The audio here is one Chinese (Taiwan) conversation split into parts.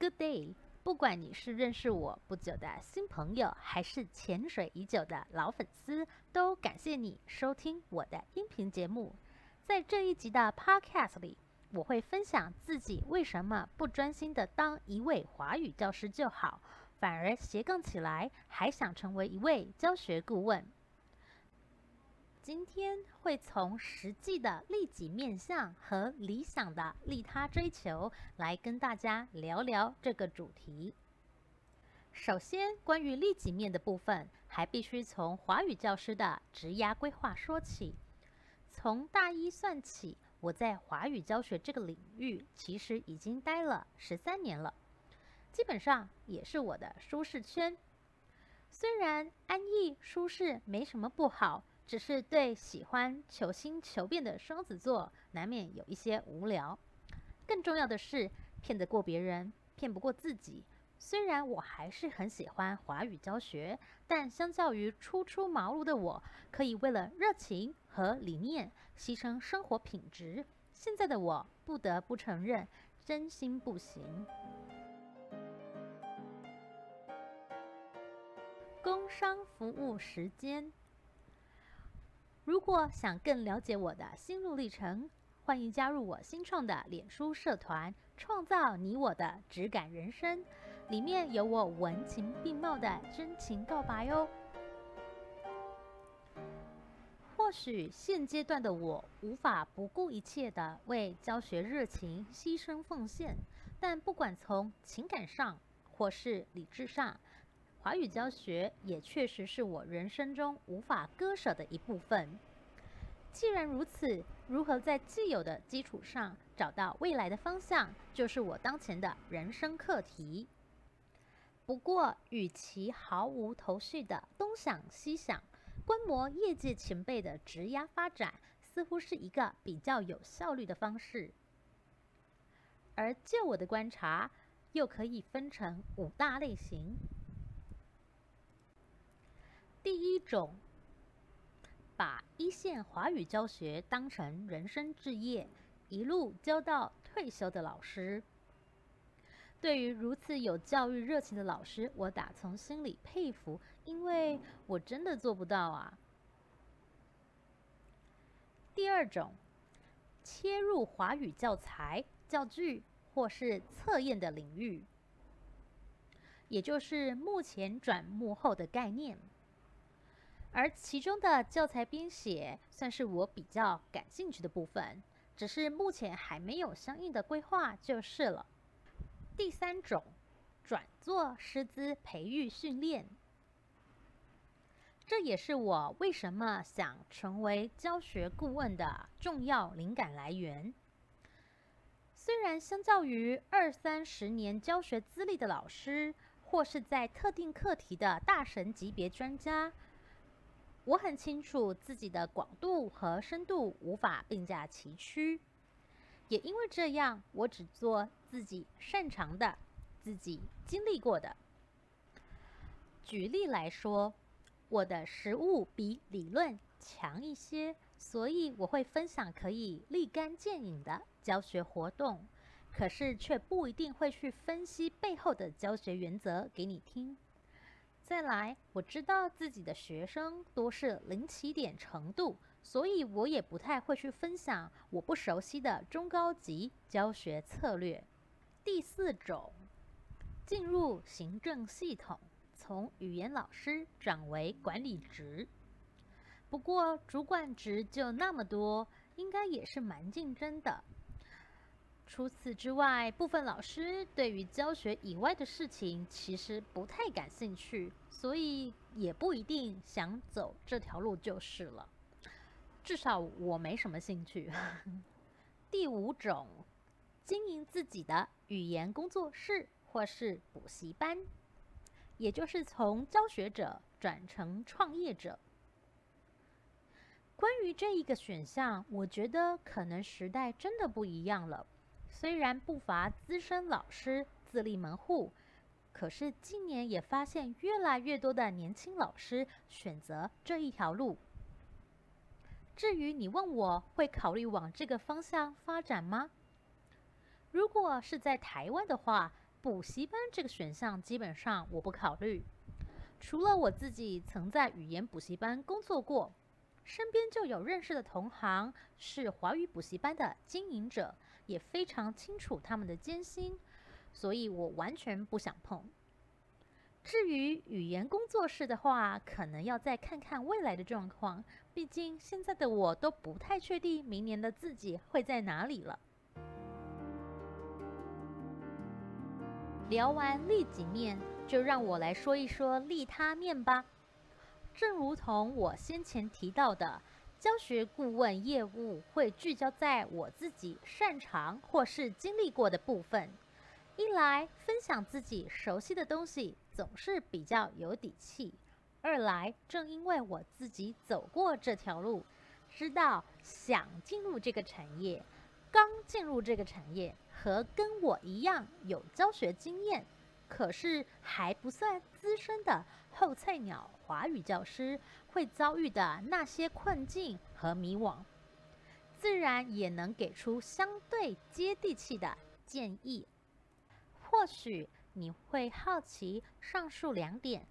Good day，不管你是認識我不久的新朋友，還是潛水已久的老粉絲，都感謝你收聽我的音頻節目。在這一集的 Podcast 裡，我會分享自己為什麼不專心地當一位華語教師就好，反而斜槓起來，還想成為一位教學顧問。今天會從實際的利己面向和理想的利他追求來跟大家聊聊這個主題。首先，關於利己面的部分，還必須從華語教師的職涯規劃說起。從大一算起，我在華語教學這個領域其實已經待了十三年了，基本上也是我的舒適圈。雖然安逸舒適沒什麼不好。只是對喜歡求新求變的雙子座，難免有一些無聊。更重要的是，騙得過別人，騙不過自己。雖然我還是很喜歡華語教學，但相較於初出茅廬的我，可以為了熱情和理念犧牲生活品質，現在的我不得不承認，真心不行。工商服務時間。如果想更了解我的心路歷程，歡迎加入我新創的臉書社團「創造你我的質感人生」，裡面有我文情並茂的真情告白喲、哦。或許現階段的我無法不顧一切的為教學熱情犧牲奉獻，但不管從情感上或是理智上。華語教學也確實是我人生中無法割捨的一部分。既然如此，如何在既有的基礎上找到未來的方向，就是我當前的人生課題。不過，與其毫無頭緒的東想西想，觀摩業界前輩的職涯發展，似乎是一個比較有效率的方式。而就我的觀察，又可以分成五大類型。第一種，把一線華語教學當成人生志業，一路教到退休的老師。對於如此有教育熱情的老師，我打從心裡佩服，因為我真的做不到啊。第二種，切入華語教材、教具或是測驗的領域，也就是幕前轉幕後的概念。而其中的教材編寫算是我比較感興趣的部分，只是目前還沒有相應的規劃，就是了。第三種，轉做師資培育訓練，這也是我為什麼想成為教學顧問的重要靈感來源。雖然相較於二三十年教學資歷的老師，或是在特定課題的大神級別專家，我很清楚自己的廣度和深度無法並駕齊驅，也因為這樣，我只做自己擅長的、自己經歷過的。舉例來說，我的實務比理論強一些，所以我會分享可以立竿見影的教學活動，可是卻不一定會去分析背後的教學原則給你聽。再來，我知道自己的學生都是零起點程度，所以我也不太會去分享我不熟悉的中高級教學策略。第四種，進入行政系統，從語言老師轉為管理職。不過主管職就那麼多，應該也是蠻競爭的。除此之外，部分老師對於教學以外的事情其實不太感興趣，所以也不一定想走這條路就是了。至少我沒什麼興趣。 第五種，經營自己的語言工作室或是補習班，也就是從教學者轉成創業者。關於這一個選項，我覺得可能時代真的不一樣了。雖然不乏資深老師自立門戶，可是近年也發現越來越多的年輕老師選擇這一條路。至於你問我會考慮往這個方向發展嗎？如果是在台灣的話，補習班這個選項基本上我不考慮。除了我自己曾在語言補習班工作過，身邊就有認識的同行是華語補習班的經營者。也非常清楚他們的艱辛，所以我完全不想碰。至於語言工作室的話，可能要再看看未來的狀況，畢竟現在的我都不太確定明年的自己會在哪裡了。聊完利己面，就讓我來說一說利他面吧。正如同我先前提到的，教學顧問業務會聚焦在我自己擅長或是經歷過的部分，一來分享自己熟悉的東西總是比較有底氣；二來正因為我自己走過這條路，知道想進入這個產業、剛進入這個產業和跟我一樣有教學經驗，可是還不算資深的，後菜鳥華語教師會遭遇的那些困境和迷惘，自然也能給出相對接地氣的建議。或許你會好奇：上述兩點，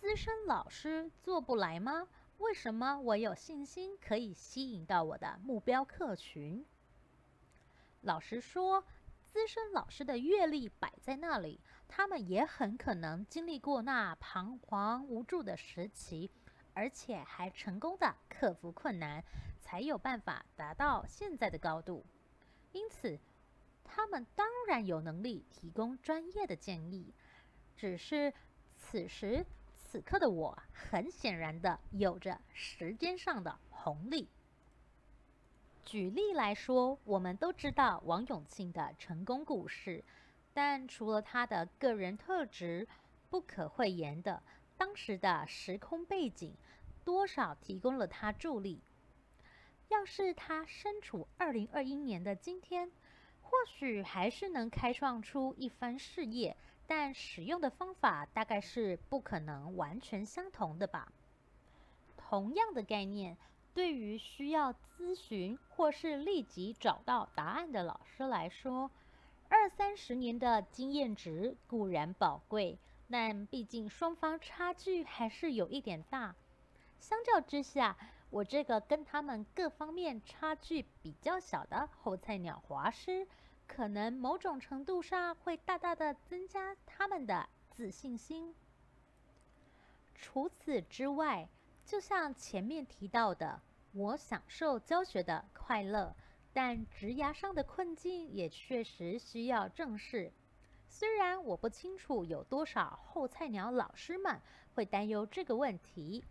資深老師做不來嗎？為什麼我有信心可以吸引到我的目標客群？老實說，資深老師的閱歷擺在那裡，他們也很可能經歷過那彷徨無助的時期，而且還成功的克服困難，才有辦法達到現在的高度。因此，他們當然有能力提供專業的建議。只是此時此刻的我很顯然的有着時間上的紅利。舉例來說，我們都知道王永慶的成功故事，但除了他的個人特質，不可諱言的，當時的時空背景，多少提供了他助力。要是他身處二零二一年的今天，或許還是能開創出一番事業，但使用的方法大概是不可能完全相同的吧。同樣的概念，對於需要諮詢或是立即找到答案的老師來說，二三十年的經驗值固然寶貴，但畢竟雙方差距還是有一點大。相較之下，我這個跟他們各方面差距比較小的後菜鳥華師，可能某種程度上會大大的增加他們的自信心。除此之外，就像前面提到的，我享受教學的快樂，但職涯上的困境也確實需要正視。雖然我不清楚有多少後菜鳥老師們會擔憂這個問題，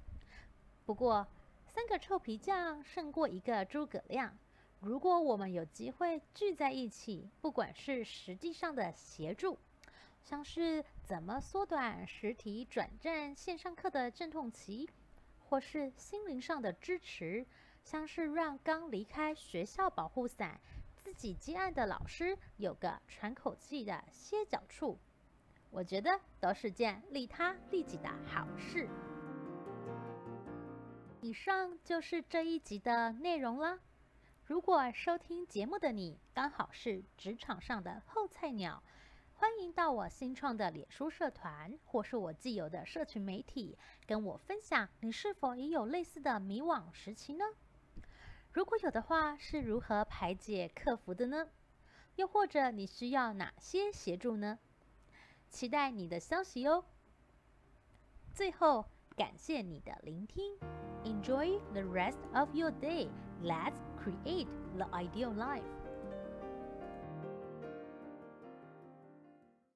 不過三個臭皮匠勝過一個諸葛亮。如果我們有機會聚在一起，不管是實際上的協助，像是怎麼縮短實體轉戰線上課的陣痛期，或是心靈上的支持，像是讓剛離開學校保護傘、自己接案的老師有個喘口氣的歇腳處，我覺得都是件利他利己的好事。以上就是這一集的內容啦。如果收聽節目的你剛好是職場上的後菜鳥，歡迎到我新創的臉書社團，或是我既有的社群媒體，跟我分享你是否也有類似的迷惘時期呢？如果有的話，是如何排解克服的呢？又或者你需要哪些協助呢？期待你的消息喲。最後，感謝你的聆聽，Enjoy the rest of your day. Let's create the ideal life.